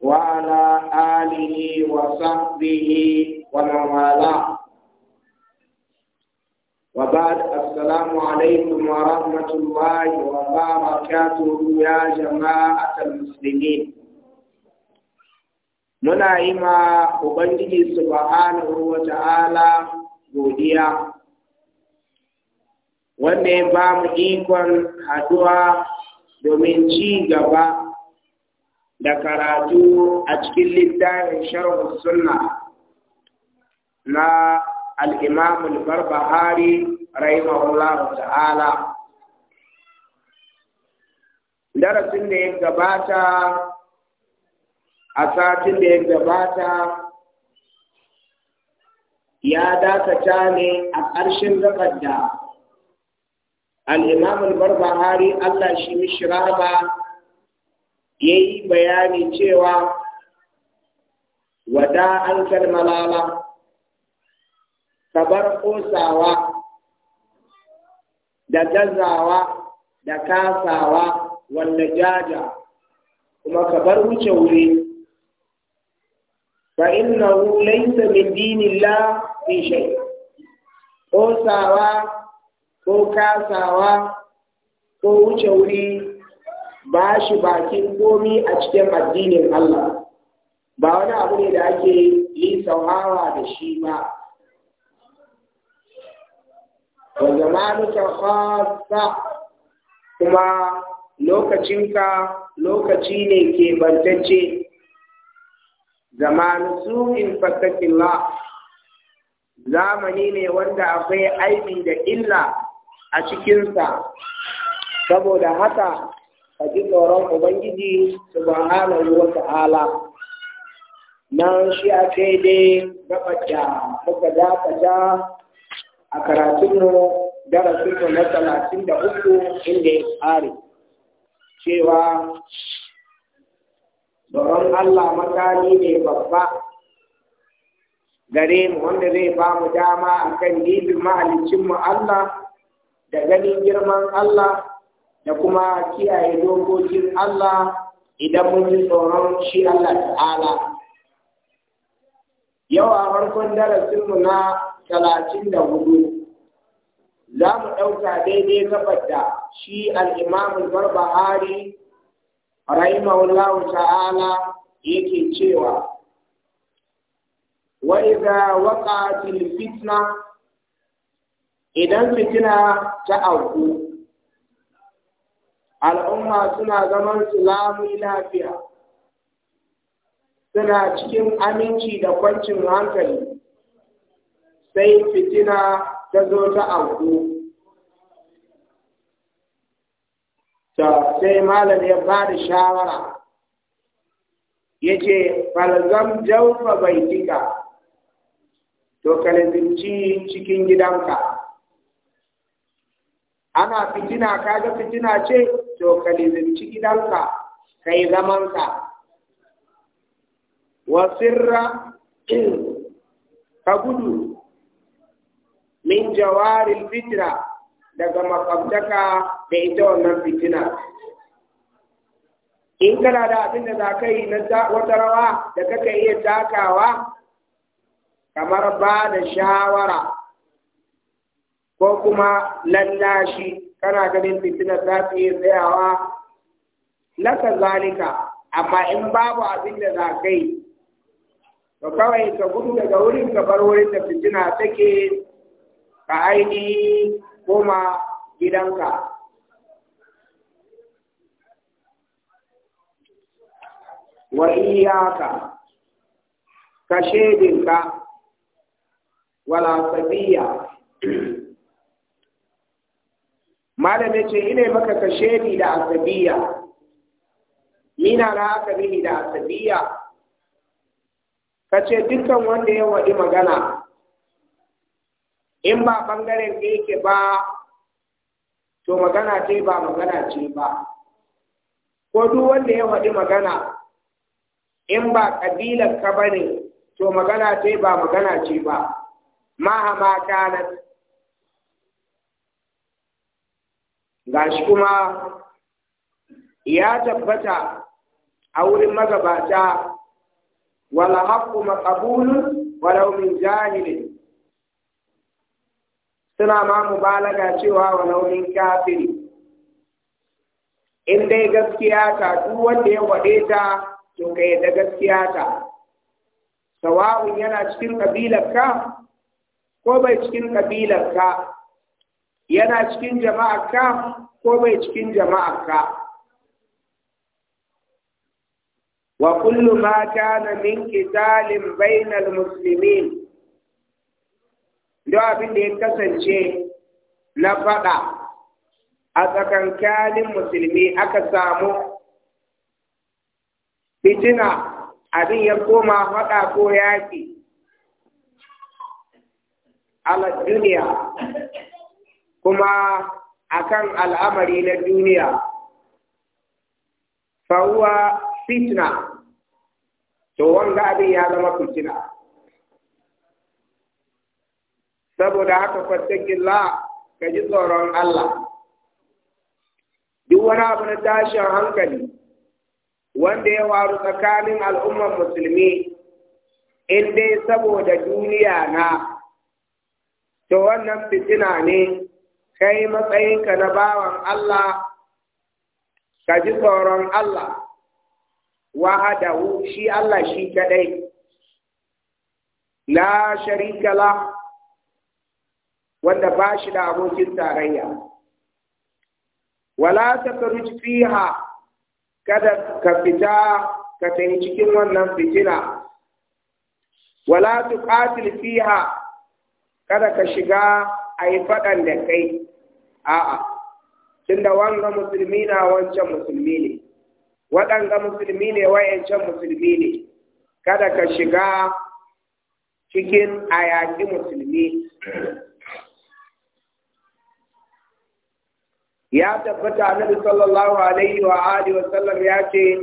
وعلى آله وصحبه ومن والاه وبعد السلام عليكم ورحمة الله وبركاته يا جماعة المسلمين muna yi ma Ubangiji subhanahu wa ta'ala godiya, wanda ya ba mu ikon haduwa domin ci gaba da karatu a cikin littafin sharh sunna na al-imam al-barbahari rahimahullahu ta'ala darasin da ya gabata a satin da ya gabata ya dakata ne a ƙarshen gabar al-imam al-barbahari Allah shi mishraba ya yi bayani cewa wada an malala ka bar kosawa da gazawa da kasawa wanda jaja kuma ka wuce wuri fa innahu laysa min dinillah fi shay sawa ko kasawa ko wuce wuri ba shi bakin komi a cikin addinin Allah ba wani abu ne da ake yi sauhawa da shi ba wa zamanuka khassa kuma lokacinka lokaci ne ke bantacce zamanu su'in fattakilla. zamani ne wanda akwai aibi da illa a cikinsa saboda haka ka ji tsoron ubangiji su subhanahu wa ta'ala nan shi a kai dai gabar da muka dakata a karatunmu darasinmu na talatin da uku inda ya tsare cewa tsoron Allah makali ne babba gare mu wanda zai ba mu dama akan kan nibin mu Allah da ganin girman Allah da kuma kiyaye dokokin Allah idan mun ji tsoron shi Allah ta'ala. Yau a farkon mu na talatin da hudu, za mu ɗauka daidai gabar da shi al'imamun barbahari rahimahullahu ta'ala yake cewa, Wai Wa'iza waƙa fitna idan fitina ta auku. al'umma suna zaman su lamun lafiya suna cikin aminci da kwancin hankali sai fitina ta zo ta auku ta sai malam ya ba da shawara ya ce falzam jaufa baitika to kalazinci cikin gidanka ana fitina kaga fitina ce to ka gidanka ka yi zamanka wasirra ka gudu min jawarin fitira daga makwabtaka da ita wannan fitina in kana da abin da za ka yi na wata rawa da kaka iya takawa kamar ba da shawara ko kuma lallashi kana ganin fitinar za ta iya tsayawa laka zalika amma in babu abin da za kai to kawai ka gudu daga wurin ka bar wurin da fitina take ka ainihi koma gidanka wa iyaka ka shedinka wala sabiya malam ya ce ina maka ni da asabiya nina na aka mini da asabiya ka ce dukkan wanda ya waɗi magana in ba ɓangaren da yake ba to magana ce ba magana ce ba ko duk wanda ya waɗi magana in ba ƙabilar ka ba ne to magana ce ba magana ce ba Ma mahama kanat gashi kuma ya tabbata a wurin magabata wala haqqu maqbulun walau min jahilin suna ma mubalaga cewa walau min kafiri in dai gaskiya ta duk wanda ya wade ta to ka yadda gaskiya ta sawa'un yana cikin kabilar ka ko bai cikin ƙabilar ka yana cikin ka ko bai cikin ka. wa kullu ma kana min qitalin bainal muslimin duk abin da ya kasance na faɗa a tsakankanin musulmi aka samu fitina abin ya koma faɗa ko yaƙi a duniya kuma akan al'amari na duniya fahuwa fitna to wanga abin ya zama fitina saboda haka fattakilla ka ji tsoron Allah duk wani abu na tashin hankali wanda ya waru tsakanin al'ummar musulmi in dai saboda duniya na to wannan fitina ne kai matsayinka na bawan Allah ka ji tsoron Allah wahadahu shi Allah shi kadai la sharika la wanda ba shi da abokin tarayya wala takruj fiha kada ka fita ka tafi cikin wannan fitina wala tuqatil fiha kada ka shiga a yi faɗan da kai a'a da wanga musulmi na wancan musulmi ne waɗanga musulmi ne wayancan musulmi ne kada ka shiga cikin ayaki musulmi ya tabbata na sallallahu alaihi wa alihi wa sallam ya ce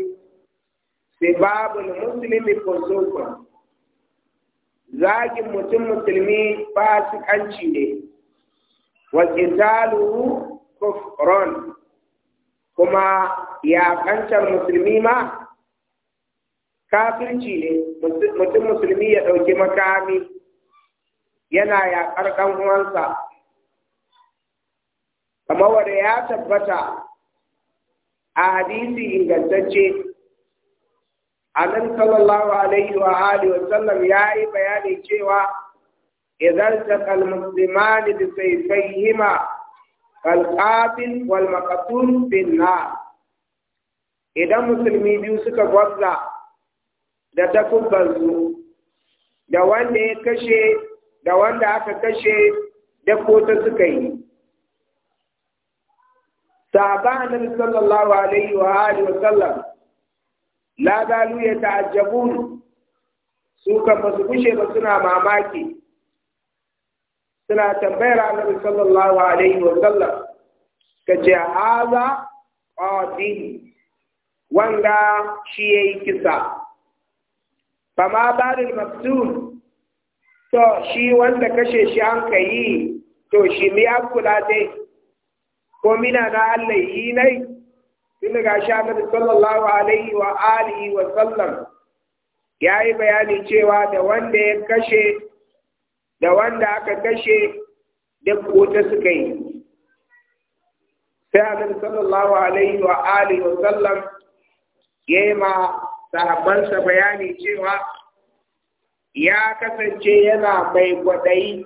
sibabul ko fusukun zagin mutum musulmi fasikanci ne wa qitaluhu kuma ya kancar musulmi ma kafirci ne mutum musulmi ya ɗauki makami yana yaƙar ɗan uwansa kamar wanda ya tabbata a hadisi ingantacce nan sallallahu alaihi wa alihi wa sallam ya yi bayani cewa إذا التقى المسلمان بسيفيهما القاتل والمقتول في النار إذا مسلمين بيوسك غزة da takubbansu da wanda ya kashe da wanda aka kashe da kota suka yi sahaba annabi sallallahu alaihi wa alihi wa sallam la ya ta'ajjabu su kan ba su kushe ba suna mamaki suna tambayar annabi sallallahu alaihi wa sallam kace haza qatil wanda shi yayi kisa fama baril maktum to shi wanda kashe shi an kai to shi mi an kula dai ko mina na Allah yi nai tun ga shi annabi sallallahu alaihi wa alihi wa sallam yayi bayani cewa da wanda ya kashe da wanda aka kashe da kota suka yi sai annabi sallallahu alaihi wa alihi wa sallam yayi ma sahabbansa bayani cewa ya kasance yana mai kwaɗayi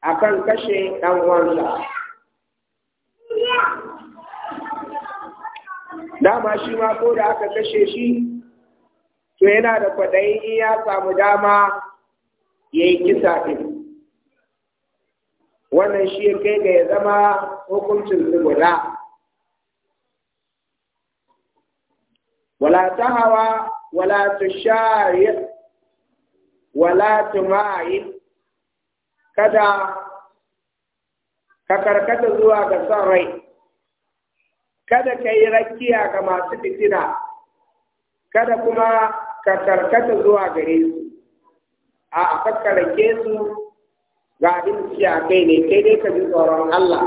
akan kashe ɗan uwansa dama shi ma ko da aka kashe shi to yana da kwaɗayi in ya samu dama ya yi kisa ɗin wannan shi ya kai ga ya zama hukuncin su guda wala ta hawa wala ta shari wala ta ma'ayi kada ka karkata zuwa ga son rai kada ka yi rakiya ga masu fitina kada kuma ka karkata zuwa gare su a a ke su ga abin a kai ne kai dai ka ji tsoron Allah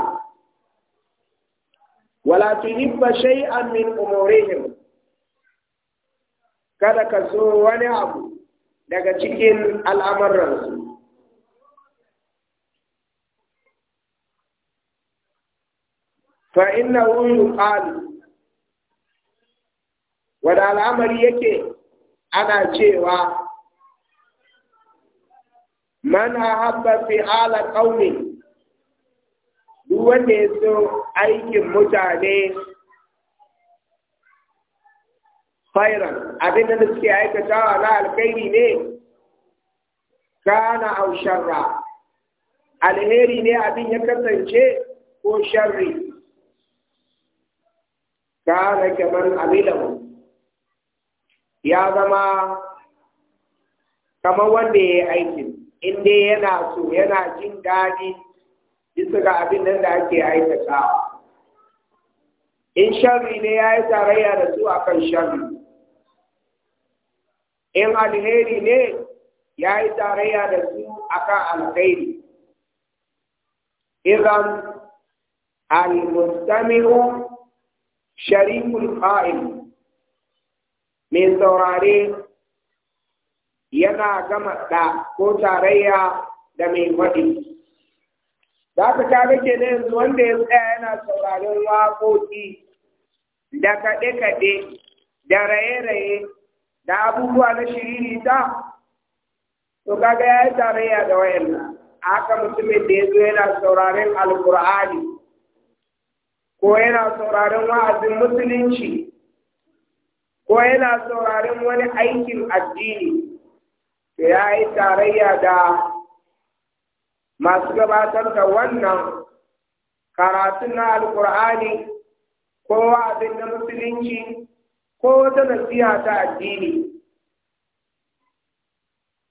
wala tuhibba an min umurihim kada ka so wani abu daga cikin al'amuransu fa innahu yuqalu wada al'amari yake ana cewa man ahabba fi ala qaumi duk wanda ya so aikin mutane khairan abin da suke aikatawa na alkhairi ne kana au sharra alheri ne abin ya kasance ko sharri kana kamar abilahu ya zama kamar wanda ya yi aikin in dai yana so yana jin daɗi bisa ga abin nan da ake aikata in sharri ne ya yi tarayya da su a kan sharri in alheri ne ya yi tarayya da su a kan alheri idan al mustamiru sharikul qa'im mai saurare yana gama da ko tarayya da mai faɗi za ka ta ke na yanzu wanda ya tsaya yana sauraron waƙoƙi da kaɗe-kaɗe da raye-raye da abubuwa na shiriri ta to kaga ya yi tarayya da wayannan haka mutumin da ya zo yana sauraren Alƙur'ani, ko yana sauraren wa'azin musulunci ko yana sauraren wani aikin addini da ya yi tarayya da masu gabatar da wannan karatun na alkur'ani ko abin da musulunci ko wata nasiha ta addini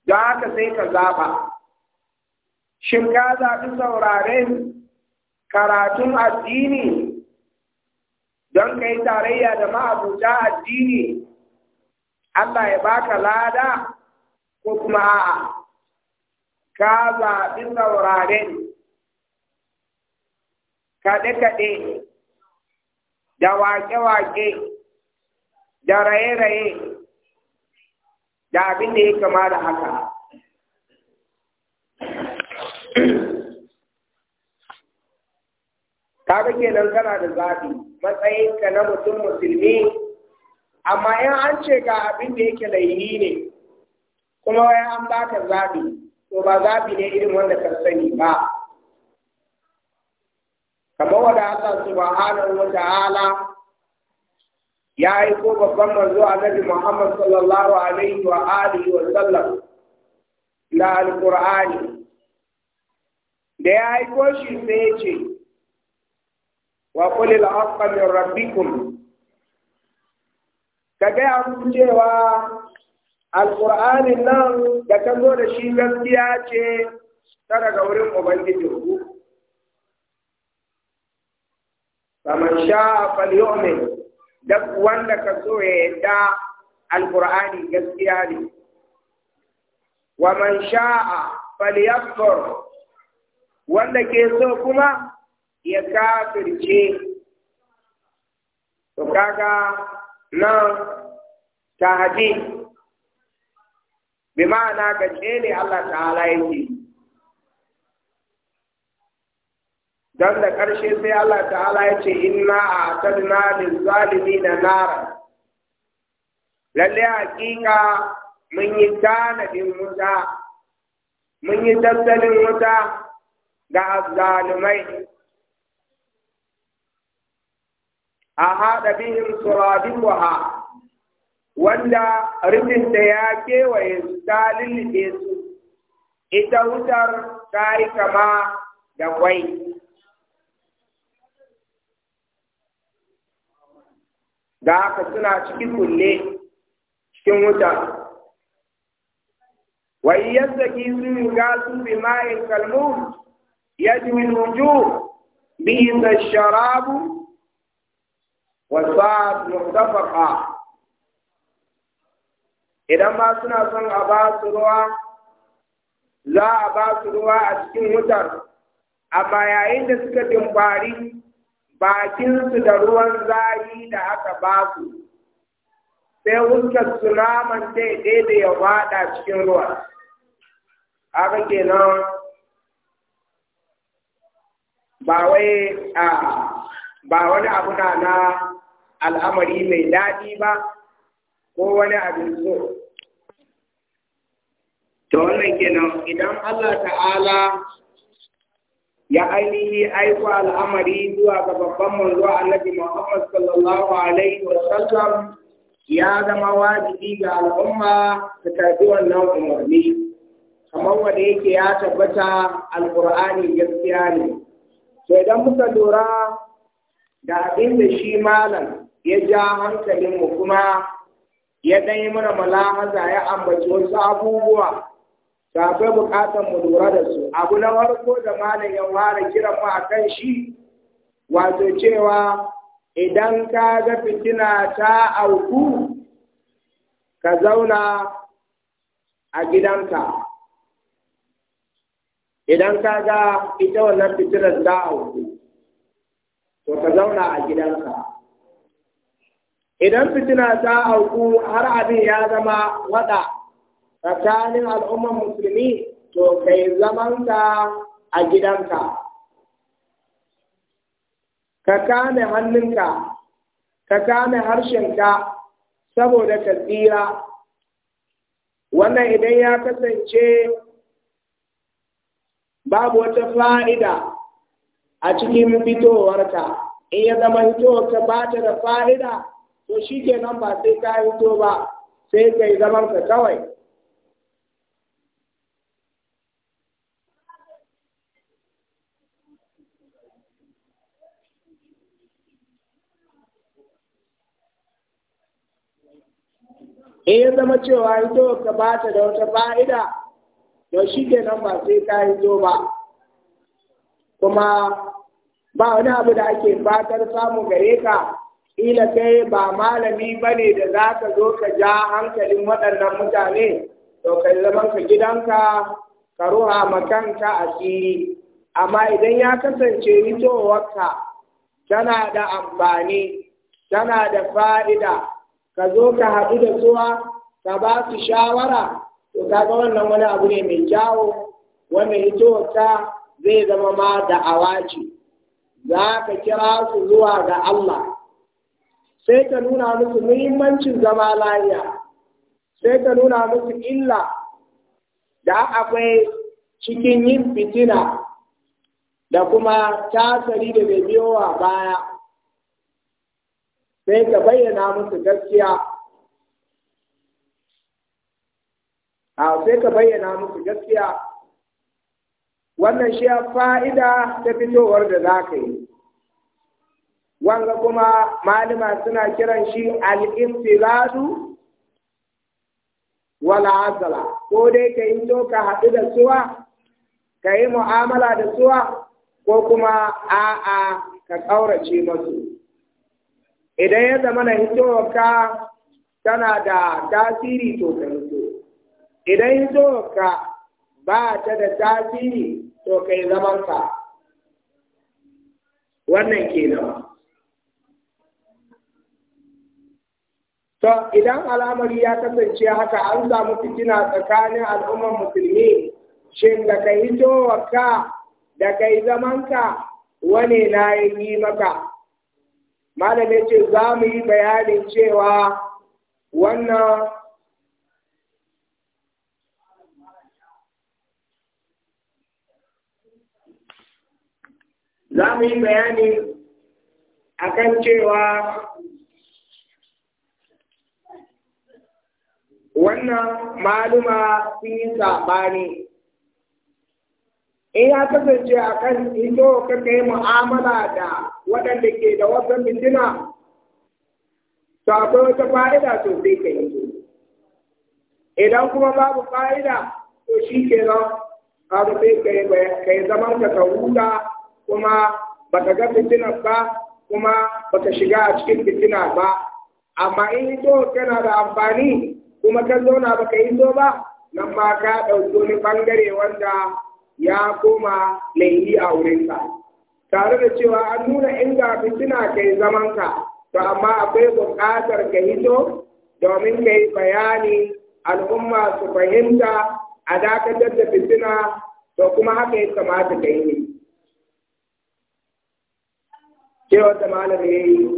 da haka sai ka zaba. shin ka zaɓi sauraren karatun addini don ka yi tarayya da ma'abuta addini Allah ya baka lada ko kuma a'a ka zaɓi sauraren kaɗe-kaɗe da wake-wake da raye-raye da abin da ya kama da haka. Kaga kenan kana da zaɓi matsayinka na mutum musulmi, amma in an ce ga abin da yake laihi ne, kuma wai an baka zaɓi to ba zaɓi ne irin wanda ka sani ba kamar wanda Allah subhanahu wa ta'ala ya ko babban manzo annabi Muhammad sallallahu alaihi wa alihi wa sallam da alqur'ani da ya aiko shi sai ya ce wa qul al min rabbikum ka gaya muku cewa alƙur'anin nan da ta zo da shi gaskiya ce ta daga wurin ubangiji ku faman sha falyumin duk wanda ka so ya yadda alƙur'ani gaskiya ne wa man sha'a falyakfur wanda ke so kuma ya kafirce to na nan tahdi bi ma'ana gaske ne Allah ta'ala yake dan da ƙarshe sai Allah ta'ala ya ce inna a'tadna lil-zalimina nara lalle hakika mun yi tanadin wuta mun yi tattalin wuta ga azzalumai a haɗa bihin surabiwaha wanda da ya kewaye su ta lullube su ita wutar ta yi kama da kwai da haka suna cikin kulle cikin wuta yadda yazzaki sun ga su bi kalmu, kalmun yajwi wujuh bi da sharabu wa sa'at mutafaqah idan ba suna son a ba su ruwa za a ba su ruwa a cikin wutar amma yayin da suka dimbari bakinsu da ruwan zari da aka ba su sai wutar su naman daidai da ya bada cikin ruwa haka kenan ba wai a ba wani abu na al'amari mai daɗi ba ko wani abin so To wannan kenan idan Allah ta'ala ya ainihi aiko al'amari zuwa ga babban manzo annabi Muhammad sallallahu alaihi wa sallam ya zama wajibi ga al'umma ta tafi wannan umarni kamar wanda yake ya tabbata alqur'ani gaskiya ne to idan muka lura da abin da shi malam ya ja hankalinmu kuma ya ɗan mana malahaza ya ambaci wasu abubuwa da akwai buƙatar mu lura da su abu na farko da malam ya fara kiran mu akan shi wato cewa idan ka ga fitina ta auku ka zauna a gidanka idan ka ga ita wannan fitinar ta auku to ka zauna a gidanka idan fitina ta auku har abin ya zama wada tsakanin al'ummar musulmi to kai zamanka a gidanka ka kame hannunka ka kame harshenka saboda ka tsira wannan idan ya kasance babu wata fa'ida a cikin fitowarka in ya zama ka ba ta da fa'ida to shi kenan ba sai ka hito ba sai ka yi zamanka kawai in eh, ya zama cewa hito ka ba ta da wata fa'ida da shi ke nan ba sai ka hito ba kuma ba wani abu da ake fatar samu gare ka ila kai ba malami ba ne da za ka zo ka ja hankalin waɗannan mutane to ka zaman ka gidanka ka ruha makanka asiri amma idan ya kasance hitowarka tana da amfani tana da fa'ida ka zo ka haɗu da suwa ka ba su shawara to kaga wannan wani abu ne mai kyawu wanda hitowarta zai zama ma da'awa ce za ka kira su zuwa ga Allah sai ka nuna musu muhimmancin zama lafiya sai ka nuna musu illa da akwai cikin yin fitina da kuma tasiri da bai biyowa baya sai ka bayyana musu gaskiya a sai ka bayyana musu gaskiya wannan shi fa'ida ta fitowar da za ka yi wanga kuma malama suna kiran shi al'infiradu wala azala ko dai ka yi to ka haɗu da suwa ka yi mu'amala da suwa ko kuma a'a ka ƙaurace masu idan ya zama na hitowarka tana da tasiri to ka hito idan hitowarka ba ta da tasiri to kai zamanka wannan ke nawa to idan al'amari ya kasance haka an samu fitina tsakanin al'ummar musulmi shin da ka hitowarka da kai zamanka wane na yi maka malam ya ce za mu yi bayanin cewa wannan za mu yi bayani kan cewa wannan maluma sun yi saɓani in ya kasance akan ito ka kai mu'amala da waɗanda ke da wasan mintuna to akwai wata fa'ida to sai ka yi idan kuma babu fa'ida to shi ke nan sai ka yi zaman ka huta kuma baka ga mintuna ba kuma baka shiga a cikin mintuna ba amma in yi ito kana da amfani kuma ka zauna baka yi so ba nan ma ka ɗauki wani ɓangare wanda ya koma laifi a wurinsa. tare da cewa an nuna inda fitina kai zamanka to amma akwai buƙatar ka hito domin ka yi bayani al'umma su fahimta a dakatar da fitina to kuma haka ya kamata ka yi ne. Cewa ta malam ya yi,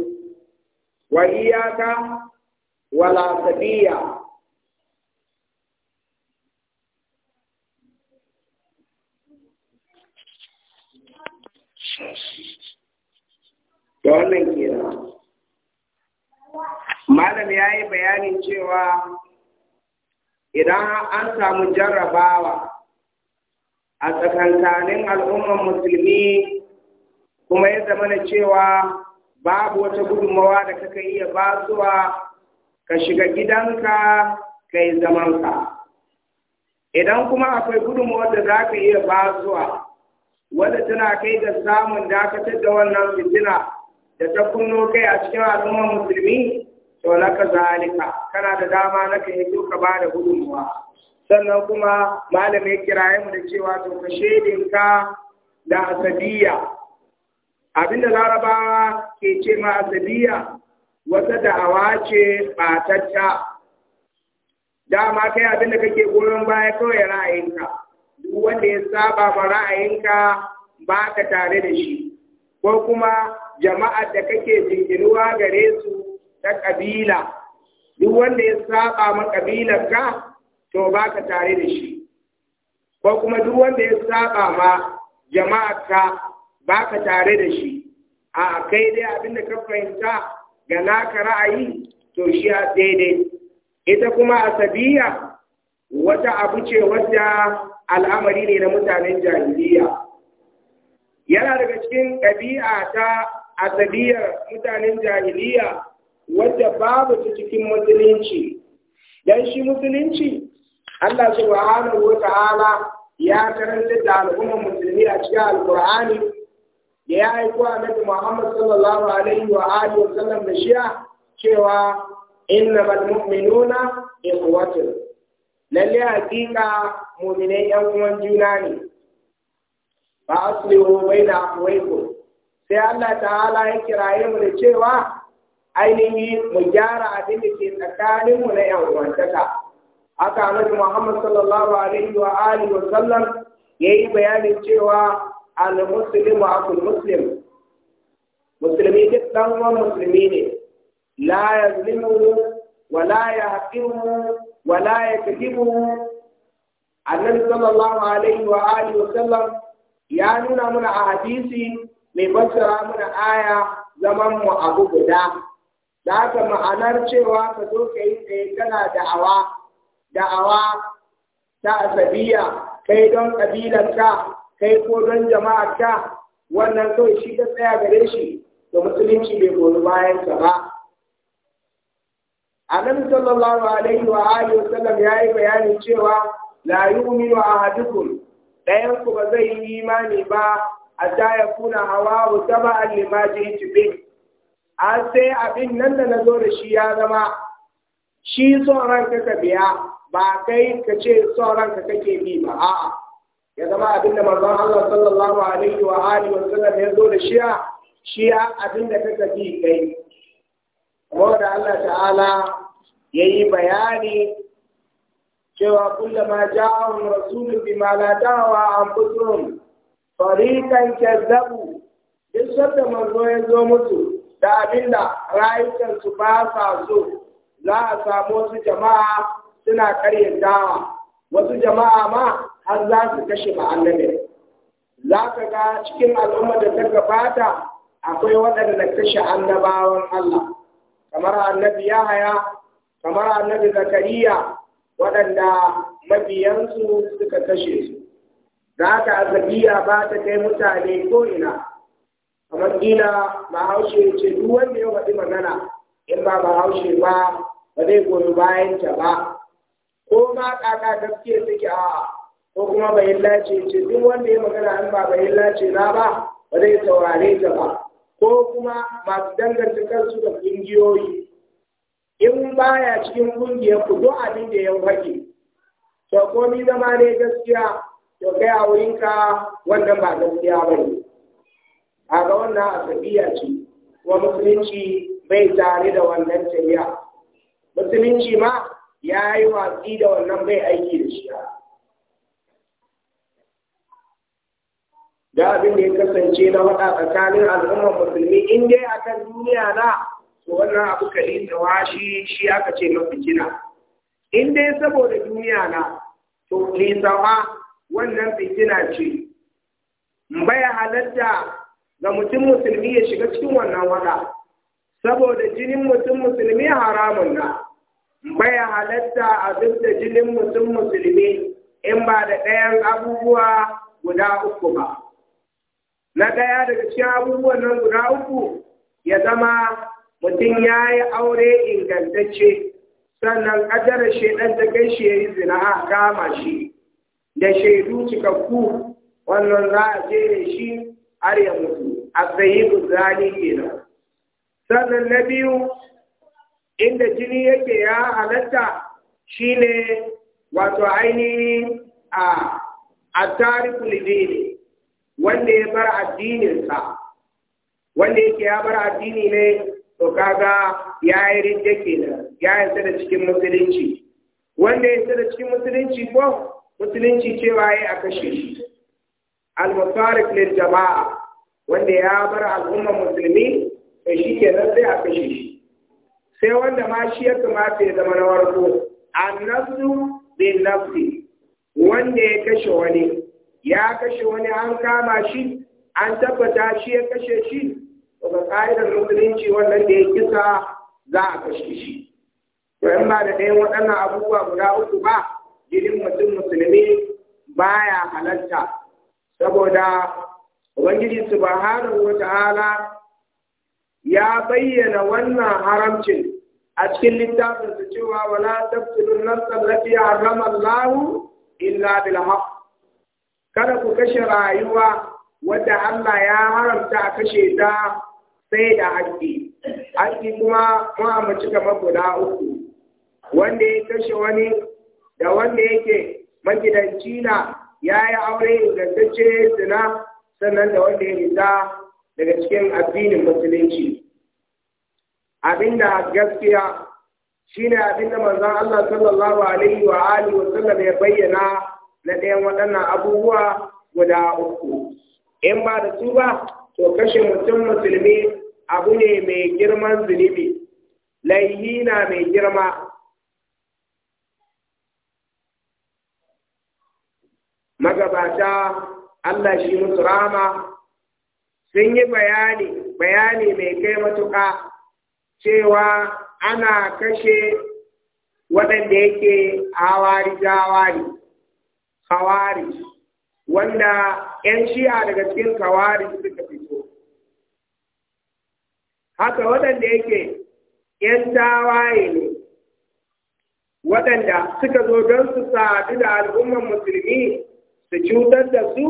wa iyaka wala sabiya wannan kenan malam ya yi bayanin cewa idan an samu jarrabawa a tsakankanin al'ummar musulmi kuma ya zama na cewa babu wata gudunmawa da kaka iya basuwa ka shiga gidanka ka yi zamanka idan kuma akwai gudunmawa da za ka iya zuwa. Wanda tana kai ga samun dakatar da wannan fitina da ta kunno kai a cikin al'ummar musulmi to ka zalika kana da dama na ka hito ka ba da gudunmuwa sannan kuma malamai ya kiraye da cewa to ka shedinka da asabiya abinda larabawa ke ce ma asabiya wata da'awa ce batacca dama kai abinda kake goyon baya kawai ra'ayinka duk wanda ya saba ma ra'ayinka ba ka tare da shi ko kuma jama'ar da kake jinginuwa gare su ta kabila duk wanda ya saba ma kabilarka to ba ka tare da shi ko kuma duk wanda ya saba ma jama'arka ba ka tare da shi a kai dai abinda ka fahimta ga naka ra'ayi to shi a daidai ita kuma asabiya wata abu ce wadda al'amari ne na mutanen jahiliya yana daga cikin ɗabi'a ta asabiyar mutanen jahiliya wadda babu ta cikin musulunci Don shi musulunci Allah su wa ta'ala ya karanta da al'ummar musulmi a cikin alkur'ani da ya aiko annabi Muhammad sallallahu alaihi wa alihi wa sallam da shiya cewa innamal mu'minuna ikhwatun lalle hakika mu'minai yan uwan juna ne ba su aslihu baina ko sai Allah ta'ala ya kiraye mu da cewa ainihi mu gyara abin da ke tsakanin mu na yan wantaka. haka Annabi Muhammad sallallahu alaihi wa alihi wa sallam yayi bayanin cewa al wa akul muslim musulmi duk dan uwan musulmi ne la yazlimu wa la yahqiru wala ya kadibu annabi sallallahu alaihi wa alihi wa sallam ya nuna mana a hadisi mai fassara mana aya zaman mu abu guda da haka ma'anar cewa ka zo ka yi tsaye kana da'awa da'awa ta asabiya kai don ƙabilarka kai ko don jama'arka wannan kawai shi ka tsaya gare shi da musulunci bai goyi bayan ka ba annabi sallallahu alaihi wa alihi sallam ya yi bayani cewa la yu'minu ahadukum dayan ku ba zai yi imani ba hatta ya kuna hawa taba'an lima ji'tu bih an sai abin nan da na zo da shi ya zama shi tsoron ranka ka biya ba kai ka ce son ka kake bi ba a'a ya zama abin da manzon Allah sallallahu alaihi wa alihi wa sallam ya zo da shi shi abin da kake bi kai wanda da Allah ta'ala ya yi bayani cewa kullama rasulu bi ma la da'wa anfusuhum fariqan kazzabu duk sabda manzo ya zo musu da abinda rayukan su ba sa so za a samu wasu jama'a suna karyatawa wasu jama'a ma har za su kashe annabi za ka ga cikin al'ummar da ta gabata akwai waɗanda kashe annabawan Allah kamar annabi Yahaya kamar annabi Zakariya waɗanda mabiyansu suka kashe su da ta azabiya ba ta kai mutane ko ina kamar kila bahaushe ce duk wanda ya faɗi magana in ba bahaushe ba ba zai goyi bayan ba ko ma kaka gaskiya suke a ko kuma bayin lace ce duk wanda ya magana in ba bayin lace na ba ba zai saurare ta ba ko kuma masu danganta kansu da ƙungiyoyi in baya cikin ƙungiyar ku abinda abin da ya wuce to ko ni zama ne gaskiya to kai a wurinka wannan ba gaskiya ba ne a ga wannan a tafiya ce Kuma musulunci bai tare da wannan tafiya musulunci ma ya yi watsi da wannan bai aiki da shi da abin da ya kasance na faɗa tsakanin al'ummar musulmi in dai akan duniya na to wannan abu kalin da washi shi aka ce mafi jina in dai saboda duniya na to zama wannan fitina ce baya halatta ga mutum musulmi ya shiga cikin wannan wada saboda jinin mutum musulmi haramun na baya halatta abin da jinin mutum musulmi in ba da ɗayan abubuwa guda uku ba na ɗaya daga cikin abubuwan nan guda uku ya zama mutum ya yi aure ingantacce sannan ƙadarar shaidan ta kai shi ya yi zina a kama shi da shaidu cikakku wannan za a jere shi har ya mutu a sayi zani kenan sannan na biyu inda jini yake ya halatta shine wato ainihin a attarikul dini wanda ya bar addininsa wanda yake ya bar addini ne to kaga ya yi rinje kenan ya yi da cikin musulunci wanda ya da cikin musulunci ko musulunci cewa ya a kashe shi al-mutarif lil jama'a wanda ya bar al'umma musulmi to shi kenan sai a kashe shi sai wanda ma shi ya kamata ya zama na warko annasu bin nafsi wanda ya kashe wani ya kashe wani an kama shi an tabbata shi ya kashe shi daga ka'idar musulunci wannan da ya kisa za a kashe shi to in ba da ɗayan waɗannan abubuwa guda uku ba jirin mutum musulmi baya halatta saboda ubangiji subhanahu wata'ala ya bayyana wannan haramcin a cikin littafin su cewa wala tafsilu nafsan lati harrama Allah illa bil haqq kada ku kashe rayuwa wadda Allah ya haramta a kashe ta sai da haƙƙi haƙƙi kuma ma'amaci kamar guda uku wanda ya kashe wani da wanda yake magidanci na ya yi aure da ingantacce zina sannan da wanda ya fita daga cikin addinin musulunci abinda gaskiya shine abinda manzon Allah sallallahu alaihi wa alihi wa sallam ya bayyana na ɗayan waɗannan abubuwa guda uku in ba da su ba to kashe mutum musulmi abu ne mai girman zunubi laihi na mai girma magabata Allah shi musu rama sun yi bayani bayani mai kai matuƙa cewa ana kashe waɗanda yake awari jawari Kawari, wanda ‘yan shi'a daga cikin kawari suka fito. Haka waɗanda yake ‘yan tawaye ne, waɗanda suka zo don su sadu da al'umman musulmi su cutar da su,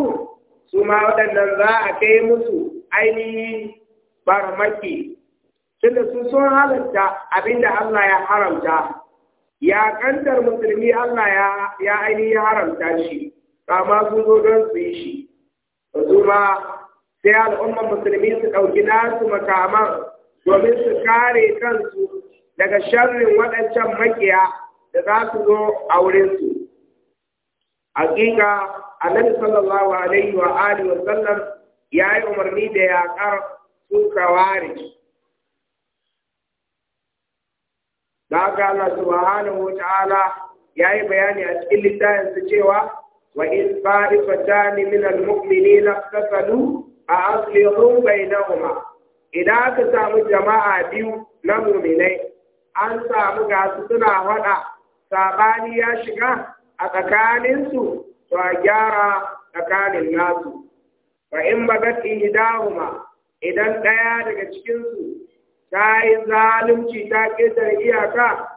su ma waɗannan za a kai musu ainihin barmaki, tunda su sun halatta abinda Allah ya haramta. ya kandar musulmi Allah ya ya haramta shi kama sun zo don su yi shi su ma sai al'ummar musulmi su ɗauki nasu makaman domin su kare kansu daga sharrin waɗancan makiya da za su zo a wurinsu hakika annabi sallallahu alaihi wa alihi wa sallam ya yi umarni da yaƙar su kawari kaga Allah subhanahu wa ta'ala ya yi bayani a cikin littafin su cewa wa in fa'ifatani min al-mu'minina fasalu a bainahuma idan ka samu jama'a biyu na mu'minai an samu gasu suna haɗa sabani ya shiga a tsakaninsu to a gyara tsakanin nasu fa in bagat ihdahuma idan daya daga cikinsu ta yi zalunci ta ƙetare iyaka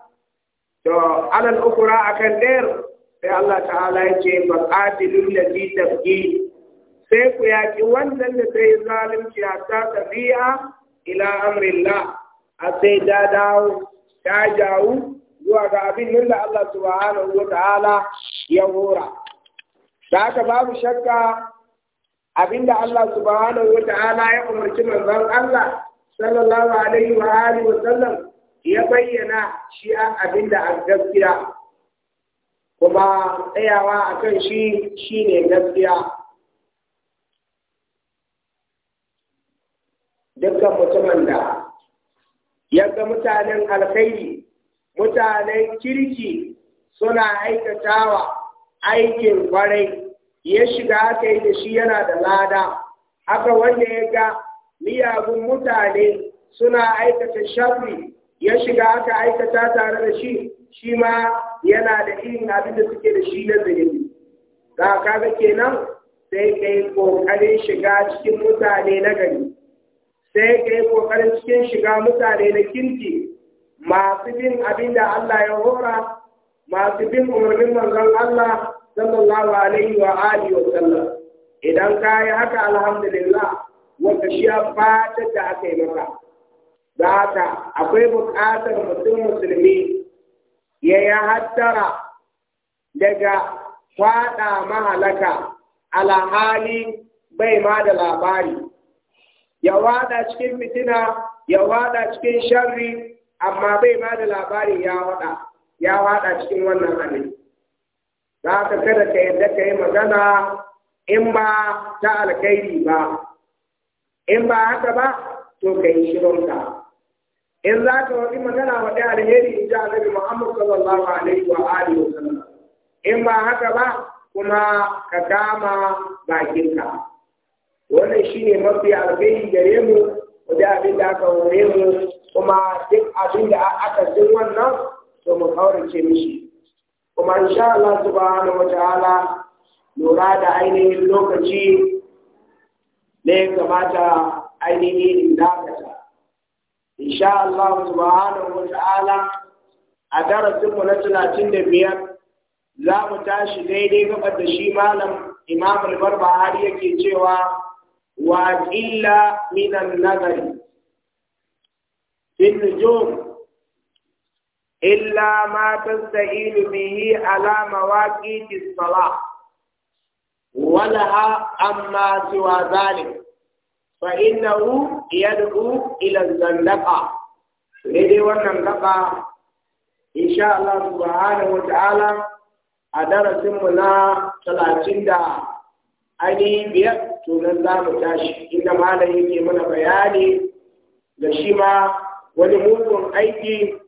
to alal ukura akan ɗayar sai Allah ta'ala ya ce ba ladhi tabqi sai ku yaƙi wannan da sai zalunci ta tafiya ila amrillah a sai da dawo ta jawo zuwa ga abin nan da Allah subhanahu wa ta'ala ya hora da ka babu shakka abinda Allah subhanahu wa ta'ala ya umarci manzon Allah sallallahu alaihi wa alihi wa sallam ya bayyana shi abin da a gaskiya kuma tsayawa a kan shi shi ne gaskiya dukkan mutumin da ya ga mutanen alkhairi mutanen kirki suna aikatawa aikin kwarai ya shiga aka yi da shi yana da lada haka wanda ya ga miyagun mutane suna aikata sharri ya shiga aka aikata tare da shi shi ma yana da irin abin da suke da shi na zunubi ga kaga kenan sai ka yi ƙoƙarin shiga cikin mutane na gari sai ka yi ƙoƙarin cikin shiga mutane na kirki masu bin abin da Allah ya hora masu bin umarnin manzon Allah sallallahu alaihi wa alihi wa sallam idan ka yi haka alhamdulillah wata shi a fata da aka yi maka da haka akwai buƙatar mutum musulmi ya yi hattara daga faɗa mahalaka alhali bai ma da labari ya wada cikin fitina ya wada cikin sharri amma bai ma da labari ya wada ya wada cikin wannan hali za ka kada ka yadda ka yi magana in ba ta alkhairi ba in ba haka ba to ka yi ka. in za ka wani magana wa ɗaya alheri in ji annabi Muhammad sallallahu alaihi wa alihi wa sallam in ba haka ba kuma ka kama bakinka wannan shi ne mafi alheri gare mu wajen abin da aka hore mu kuma duk abin da aka jin wannan to mu kaurace mishi kuma insha Allah subhanahu wa ta'ala lura da ainihin lokaci da ya kamata ainihin in dakata. Insha Allah subhanahu wa ta'ala a darasinmu na talatin da biyar za mu tashi daidai gabar da shi malam imam al-barbahari yake cewa wa illa minan nazari fil nujum illa ma tasta'inu bihi ala mawaqiti salah walaha amma siwa zane fa ina wu dubu ilan zandaka lede wannan kafa in sha Allah su ba hana wata ala a darasinmu na talatin da an biyar biya tunan za mu tashi inda mana yake mana bayani da shi ma wani mugun aiki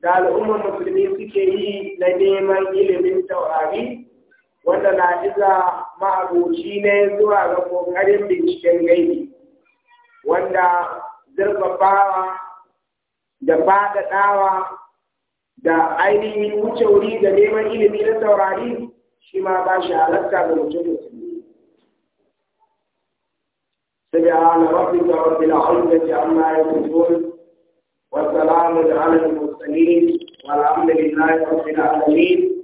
da al'ummar musulmi suke yi na neman ilimin taurari wanda na iza ma'abuci ne zuwa ga kokarin binciken gaibi wanda zurfafawa da faɗaɗawa da ainihin wuce wuri da neman ilimi na saurari shi ma ba shi halatta ga mutum musulmi. سبحان ربك رب العزة عما يصفون والسلام على المرسلين والحمد لله رب العالمين